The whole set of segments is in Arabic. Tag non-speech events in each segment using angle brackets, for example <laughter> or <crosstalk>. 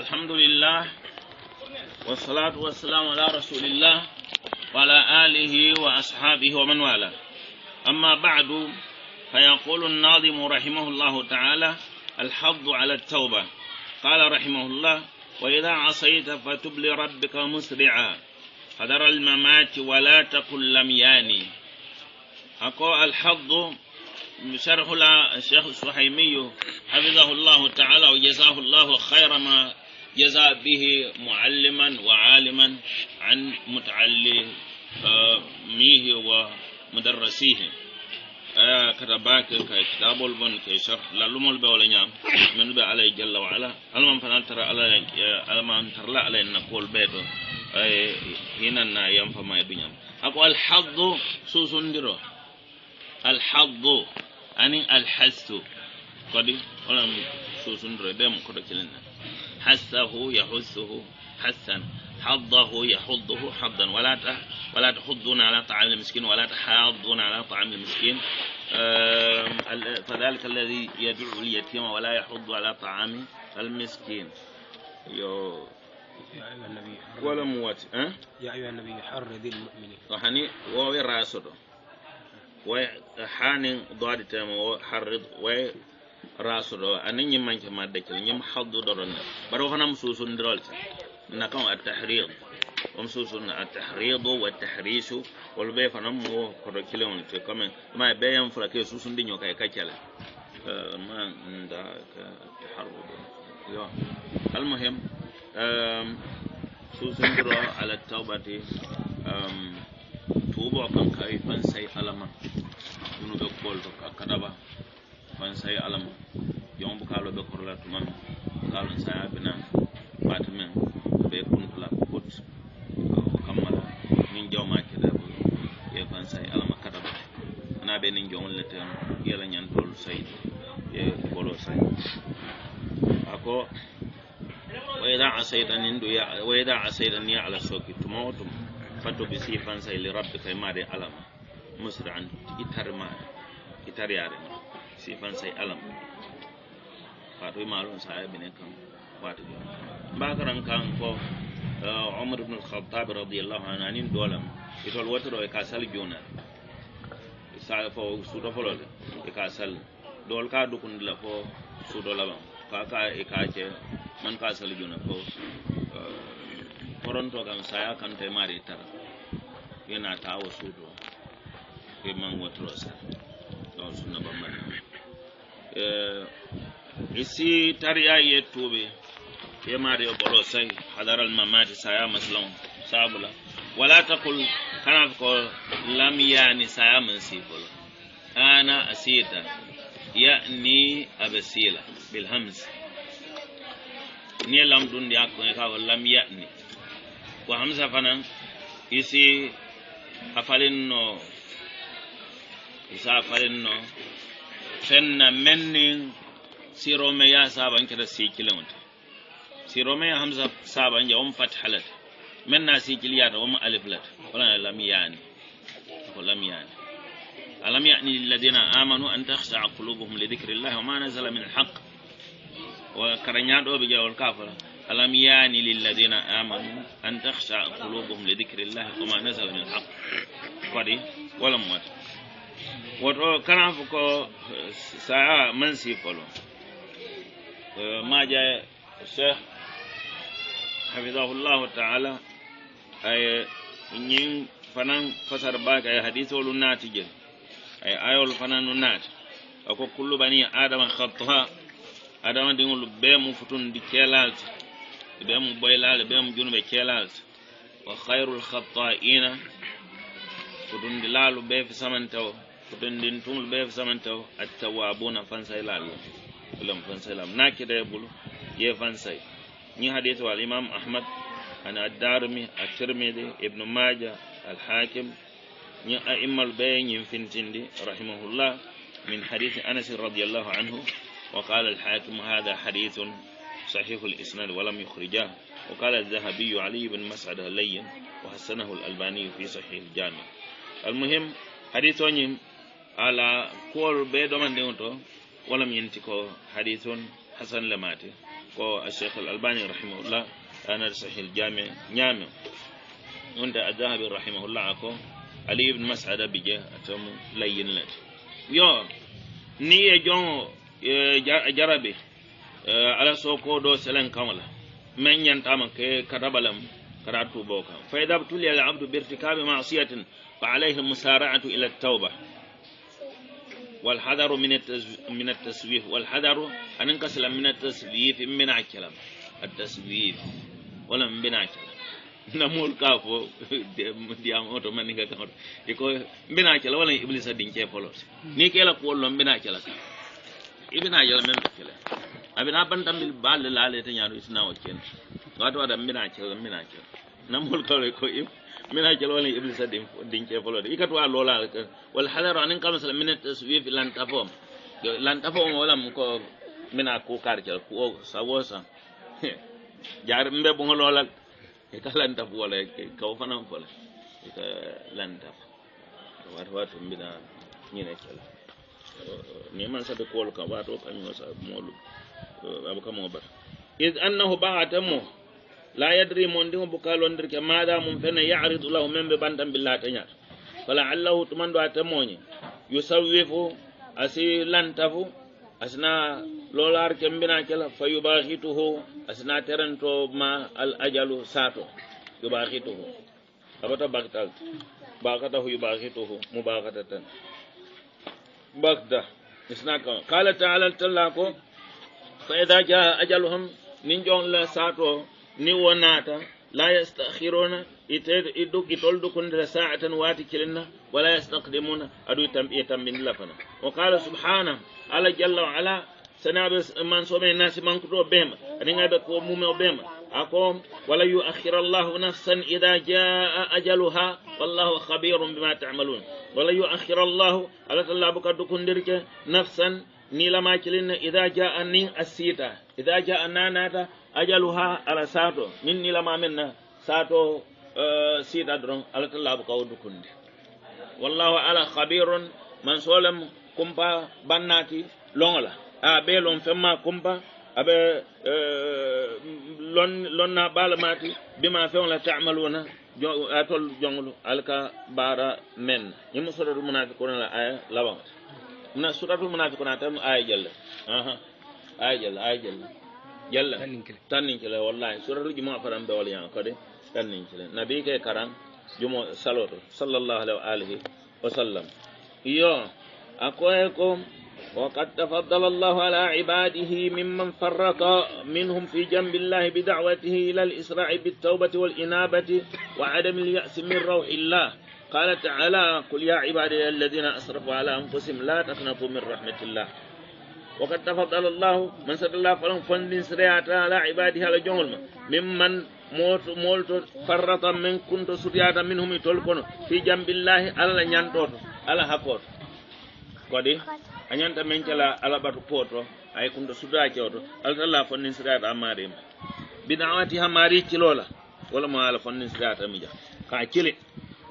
الحمد لله والصلاة والسلام على رسول الله وعلى آله وأصحابه ومن والاه أما بعد فيقول الناظم رحمه الله تعالى الحظ على التوبة قال رحمه الله وإذا عصيت فتب لربك مسرعا قدر الممات ولا تقل لم ياني أقول الحظ شرح الشيخ السحيمي حفظه الله تعالى وجزاه الله خير ما جزا به معلما وعالما عن متعلميه ومدرسيه آه، كتباك كتاب البن كشرح للم نعم؟ البولين من بي علي جل وعلا المان فنان ترى علي المان آه، ترى علي نقول بيب اي آه، هنا ينفى ما يبين اقول الحظ سوسن ديرو الحظ اني يعني الحس قد ولم نعم؟ سوسن ربيم كركلنا حسه يحسه حسا حظه يحضه حظا ولا ولا تحضون على طعام المسكين ولا تحاضون على طعام المسكين فذلك الذي يدعو اليتيم ولا يحض على طعام المسكين يو ولا مواتي ها يا أيها النبي حرد المؤمنين وحني وهو راسه وحان ضاد تام وحرد rasuɗo anin yim manke ma dekkel yim haddu ɗoɗon ne bara honam susundirolte na kan a tahrid om susun a tahridu wa tahrisu wol ɓe fanan mo koto kilewon te comme ma ɓe yan fula ke susundiño kay e kaccala ma da ka taharrudu yo almuhim susundiro ala tawbati tuuɓo kan kay fan say alama ɗunu ɓe kolto ka kadaba fan sai alam yon bu kalo be korla to man kalon sai abina batman be kun kala kut ko uh, kamal min jawma ke da ye fan sai alam kata ba na be nin jawon le tan yela nyan tol sai ye bolo sai ako wayda asaitan indu ya wayda asaitan ya ala soki tumawtum fato bi sifan sai li rabbika ma de alam musra'an itarma itar yare sifan sai alam wato malum sahabi ne kan wato bakaran kan ko umar ibn al-khattab radiyallahu anhu anin dolam itol wotoro e kasal jona sa fo sudo fo lole e kasal dol ka dukun la fo sudo la bam ka ka e ka ce man kasal jona fo koronto kan saya kan te mari tara yana tawo sudo e man wotoro sa don sunna bamman isi tariya ye tobe ye mari yo bolo sai hadaral mamati saya maslam sabula wala taqul kana ko lam yani saya man sifolo ana asita ya'ni abasila bil hamz ni lam dun ya ko ka lam ya'ni ko hamza fanan isi afalin no isa afalin no fenna mennin sirome ya saban kira sikilin wata sirome ya hamza saban ya wani fathalat men na sikil ya da wani aliflat wala lamiyani ko lamiyani alam ya'ni lilladina amanu an takhsha'a qulubuhum li dhikrillahi wa ma nazala min alhaq wa karanya do be jawal kafara alam ya'ni lilladina amanu an takhsha'a qulubuhum li dhikrillahi wa ma nazala min alhaq qadi wala mut woto kana fo ko saya man si folo maja cheikh hafidahullahu taala ay ñin fanan fasar bake ay hadisolu naati je ay ayol fanan nu naati ako kullu bani adama khata adama diŋolu bee mu futundi keelaalti bee mu boylaali bee mu junube keelaalti wa khayrul khata'ina futundilaalu bee fi samantewo kutendin tumul be samanta at-tawabuna fansay lal lam fansay lam nakida bulu ye fansay ni hadith wal imam ahmad ana ad-darmi at-tirmidhi ibn majah al-hakim ni a'immal bayyin fintindi rahimahullah min hadith anas radiyallahu anhu وقال الحاكم هذا حديث صحيح الإسناد ولم يخرجاه وقال الذهبي علي بن مسعد لين وحسنه الألباني في صحيح الجامع المهم حديث ونيم ala kuwol ɓe ɗomandiŋo to walam yenti ko hadis hasan lemate ko acheikh al albani rahimahullah anar sahih ljami ñaame wonta adahabi rahimahullah ako ali ibne masada bije atomo layyinlete yo ni e jongo jarabe ala soko ɗo selen kamala min ñantama ke katabalam kata tubo kam fa ida btulia al abdu birtikabe masiyatin fa alayhi musara'atu ila tauba والحذر من من التسويف والحذر هننكسر من التسويف من كلام التسويف ولا من كلام namol ka fo ndiyam oto man ninga kan iko mbina kela wala iblis adin ke folot ni kela ko lon mbina kela ka ibina yala mem kela abina bantam bil bal la le tan yaro isna o ken wato ada mbina kela mbina kela namol ka ko im من هكذا ولا إبليس دين دين كيف ولا يكتوا على ولا والحذر عن إنك مثلا من التسويف لن تفهم لن تفهم ولا مكو من أكو كارجل كو سوسا جار مبه بقول ولا يكلا لن تفهم ولا كوفنا ولا لن تفهم wato wato mbina ñine kala ni man sabe kool kam wato kañum sa moolu abou kamo bar id annahu baatamu la yadri mon ɗin o bukalondir ke maɗa mum fene yaridu lahu membe bandam ɓantan billa teñat fala allahu tumando a temoñi yusawwi fo asi lanta fo asina lolar kembina kela fa yubahituhu asina terento ma al ajalu sato yubahituhu abata bagtal bagata hu yubahituhu mubakatatan bagda isna ka qala ta'ala tallako fa idha ja ajaluhum min jon la sato ni wanata la yastakhiruna itad iduk itoldu da sa'atan wati kilinna wala yastaqdimuna adu tambiya tambin lafana wa qala subhana ala jalla wa ala sanabe man so men nasi man kuto bema ani ngabe ko mume o bema ako wala yuakhir allah nafsan idha jaa ajalaha wallahu khabirun bima ta'malun wala yuakhir allah ala talabu kun dirke nafsan ni lama kilinna idha jaa nin asita idha jaa nanata ajalu ha ala sato min nilamaminna sato e, siita dron alatallaɓo kawo dukunde wallahu ala habir on man solem kumpa bannati longola a ɓe lon femma kumpa aɓe e, lon lonna ɓalamati bima fewla tamaluna a tol jonglu alka baara men yimo suratu munafi kunala aya labamata mna suratu munafi kona tam aya jelle aya jelle aya jelle yalla tannin kila wallahi suratul juma faran be wala yan kode tannin kila nabi ke karan jumo saloto sallallahu alaihi wa alihi wa وقد تفضل الله على عباده ممن فرق منهم في جنب الله بدعوته إلى الإسراع بالتوبة والإنابة وعدم اليأس من روح الله قال تعالى قل يا عبادي الذين أسرفوا على أنفسهم لا تقنطوا من رحمة الله وقد تفضل الله من سد الله فلان فندين سريعة على عباده على جمل ممن موت موت فرطا من كنت سريعة منهم يتولكون في جنب الله على نيانتوت على حقوت كودي أنيانتا من كلا على باتو بوتو أي كنت سريعة جوتو على الله فندين سريعة أماريم بدعواتها ماري كلولا ولا ما على فندين سريعة ميجا كاكيلي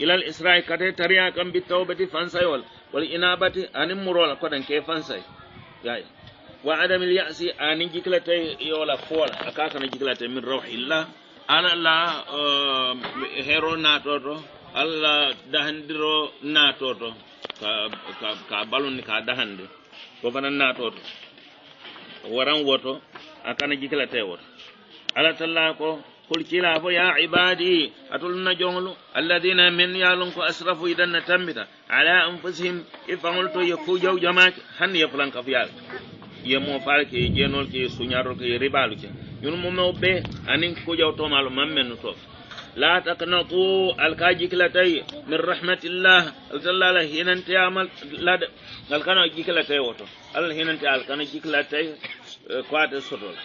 إلى الإسرائيل كتير تريا كم بتوبة فانسايول والإنابة أنمرولا كودن كيفانسايول yaay wa adamil yasi ani jikilate yola foola a kakana jikilate min rawhilla alala um, hero natoto alla dahandiro natoto ka ka balunni ka dahande ko fana natoto waran woto a kana jikilate woto alatalla ko قل كلا يا عبادي أتلنا جهل الذين من يالنكو أسرفوا إذا نتمت على أنفسهم إفعلت يكو جو جماك هن يفلن كفيال يمو فالك يجنول كي سنيارك يربالك ينمو موبي أنين كو جو تومالو ممن نصف لا تقنطوا الكاجيك لتي من رحمة الله الزلا لا هنا انت عمل لا الكانا جيك لتي وتو الهنا انت الكانا جيك لتي كوات السرول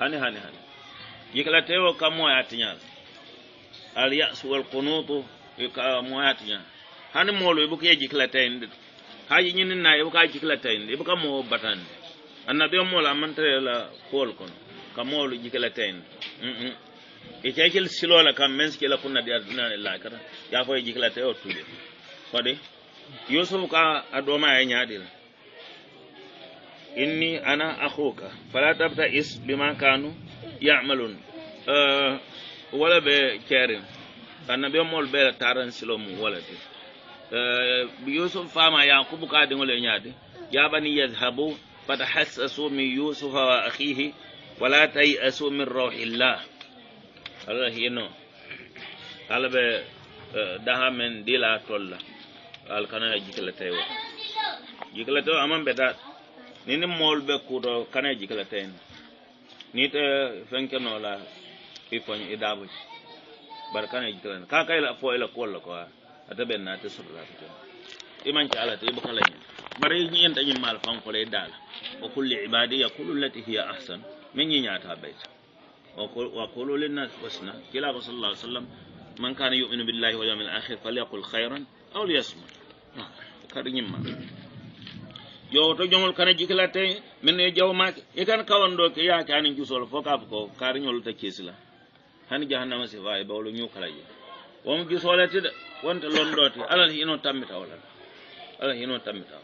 هاني هاني هاني yiklatewo ka moya tiñal al yasu wal kunutu ka moya tiñal hani molu ibu ke jiklatayinde haji ñininna ibu ka jiklatayinde ibu ka moo batande annabio molu amantarela kool kon ka molu jiklatayinde iteecel silola kam men sikila kunna di adunane lakata yafoye jiklatewo tuɓe kodi yusuf ka a ɗomaye ñaɗila inni ana akuka fala tabta is bima kanu yamalun wala be kerin annabi mol be taran silomu wala ti yusuf fama yaqubu ka dingo le nyaade ya bani yadhhabu fatahassasu min yusufa wa akhihi wala tayasu min ruhillah allah yino ala be daha men dila tolla al kana jikala tayo jikala tayo amam be nini mol be kuto kana jikala tayo nite fenke no la ifon idabu barkana jitran ka kay la fo ila kolla ko ata ben na ta sabra ta iman ta ala ta ibu kala yin bari yin ta yin mal fam fan kole dal wa kulli ibadi yaqulu allati hiya ahsan min yin ya bayt wa qulu lin nas wasna kila sallallahu alaihi wasallam man kana yu'minu billahi wal yawmil akhir falyaqul khayran aw liyasmut kar yin mal yo jomol kana jikilatte min e jaw maake e kan kawanɗo ke yaake anin jusol fof kaaf ko kaariñol ta keesila hani jahannama sifa e bawlo ñukalaje womo jusolete de wonta lonɗote alal hino tammita walal alal hino tammita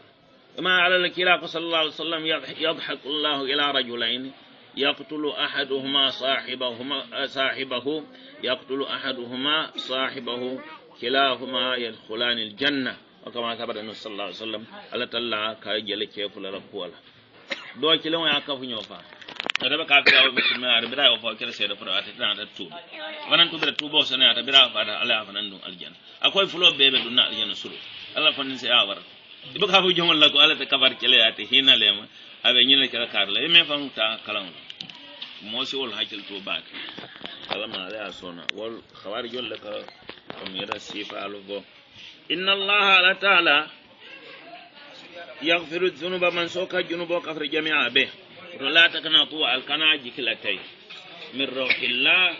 wala alal kila ko sallallahu alih w sallam yadhaku ila rajulaini يقتل أحدهما صاحبهما صاحبه يقتل أحدهما صاحبه كلاهما يدخلان الجنة wakamana kabada nu sallallahu alaihi wasallam ala talla ka jele ke fulala kuwala do kilan wa kafu nyo fa kada ba kafira wa musulmi a rabira wa fa kira sai da fara ta tana da tuba wannan tuba da tuba sai na rabira fa da Allah fa dun aljanna akwai fulo bebe dun na aljanna suru Allah fa sai awar ibo kafu jom Allah ko Allah ta kabar kile ya ta hina le ma abe nyina kira karla e me fa ta kalan mo si wol hakil to ba kala ma da sona wal khawarij wal ka kamira sifa alugo إن الله تعالى يغفر الذنوب من سوك الجنوب وكفر جميعا به ولا تقنطوا القناة جكلتين من روح الله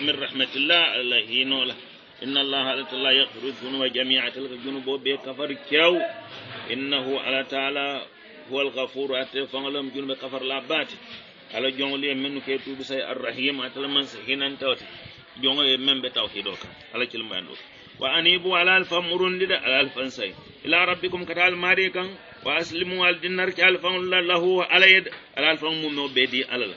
من رحمة الله الله ينوله إن الله تعالى يغفر الذنوب جميعا تلك الجنوب به كيو إنه على تعالى هو الغفور لهم جنوب كفر لابات بات على جنولي من يتوب سي الرحيم أتلمن سهينا توتي جنوب من بتوحيدك على كلمة أنوك وأنيبوا على ألف مرون لدى على ألف أنسي إلى ربكم كتال ماريكا وأسلموا على الدنار كألف له على يد على ألف ممنو بدي على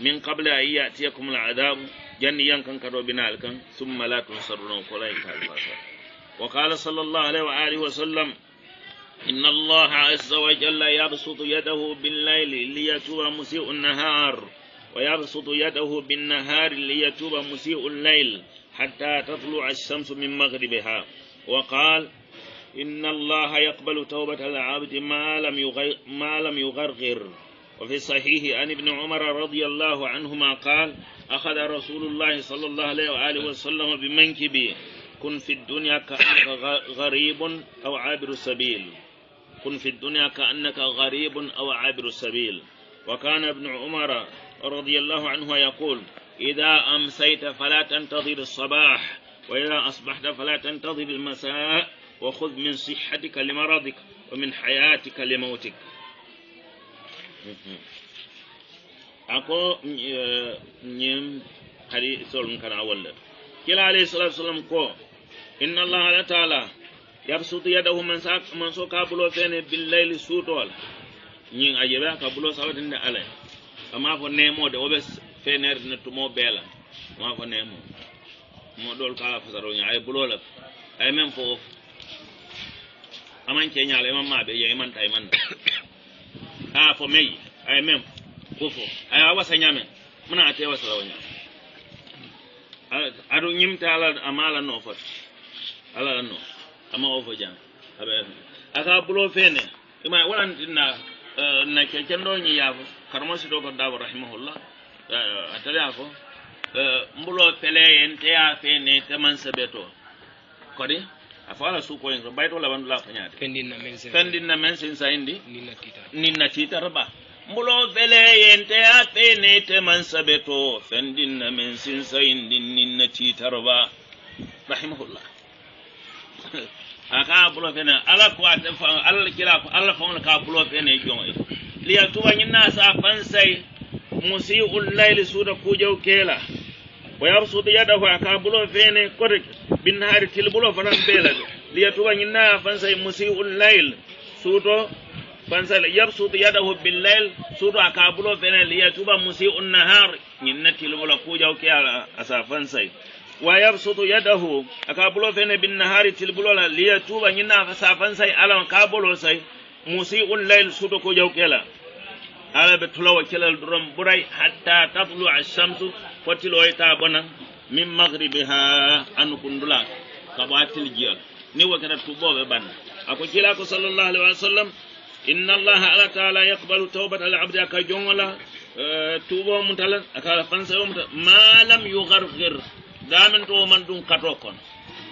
من قبل أن يأتيكم العذاب جن كان كرو بنال ثم لا تنصرون كلاي كالفاسا وقال صلى الله عليه وآله وسلم إن الله عز وجل يبسط يده بالليل ليتوب مسيء النهار ويبسط يده بالنهار ليتوب مسيء الليل حتى تطلع الشمس من مغربها وقال إن الله يقبل توبة العبد ما لم ما لم يغرغر وفي الصحيح عن ابن عمر رضي الله عنهما قال أخذ رسول الله صلى الله عليه وآله وسلم بمنكبي كن في الدنيا كأنك غريب أو عابر السبيل كن في الدنيا كأنك غريب أو عابر السبيل وكان ابن عمر رضي الله عنه يقول إذا أمسيت فلا تنتظر الصباح وإذا أصبحت فلا تنتظر المساء وخذ من صحتك لمرضك ومن حياتك لموتك ako ñim hari solum kana walla kila alayhi salatu wasalam ko inna allaha la taala yabsutu yadahu man sa man so kabulo fene bil layli sutol ñin a jeɓa kabulo sabatinde alay kama fo nemode oɓe fenerene tumo beela ma ko nemo mo ɗol kala fasaroña ay bulola ay men fo of aman keñala iman maɓe ya imanta imanta a fo mey ay mem fo fo ay a wasa ñamen muna ate wasarawoña aɗo ñimta ala ama ala no fot ala no ama o fo jan aɓe aka bulo fene ima waɗantinna eh, na kekenɗo ñi yaafo karamo sito ko daabo rahimahullah a eh, ataliya fo eh, mbulo fele yen te ya fe ne taman sabeto kodi a fɔ ala su suko yin bayto la bandu la fɛn fendin na men fɛn fendin na men sen saindi ninna tita ninna tita raba mbulo fele yen te ya fe ne taman fɛn fendin na men sen saindi ninna tita raba rahimahullah <laughs> aka bolo fɛnɛ ala ko ala kila ko ala fon ka bulo fene jongo e. liya tuwa nyina sa fansai musiu layli suuta kuujaw keela wa yabsud yadahu akabulo bulo fene kote binnaari tilbulo fanan beela liyatuba ñinnaa fansay musiu layl suuto fansal yabsud yadahu billayl suuto aka bulo fene liyatuba musiu nahar ñinna tilbulo kuujaw keela asa fansay wa yabsutu yadahu akabulo fene fene binnahari tilbulo la liyatuba ñinnaa sa fansay alan ka bolo say musiu layl suuto jaw kela ala ɓe tulowo kelal ɗoron ɓuray hatta tatlu ashamsu fotiloy ta bonan min maghribiha anu kundula kaɓo jiyal ni tu tuɓɓoɓe ban ako kila ko sallallahu alaihi wa sallam inna allaha ala taala yaqbalu tawbata al abdi ka jongola eh, tuɓo mum tala aka fansa o muta ma lam yugargir daman to man ɗum kato kono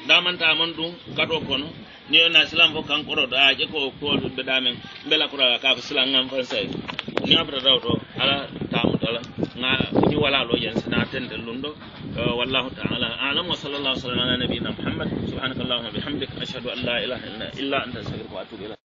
ta man ɗum kato kono ni na islam fo kankoro ɗo aje ko ko be damen bela kura ka ko islam ngam fansa ni abra dawto ala la na ni wala lo yen sina tende lundo eh, wallahu ta'ala a'lam wa sallallahu alaihi wa sallam ala nabiyina muhammad subhanakallahumma bihamdika ashhadu an la ilaha illa anta astaghfiruka wa atubu ilayk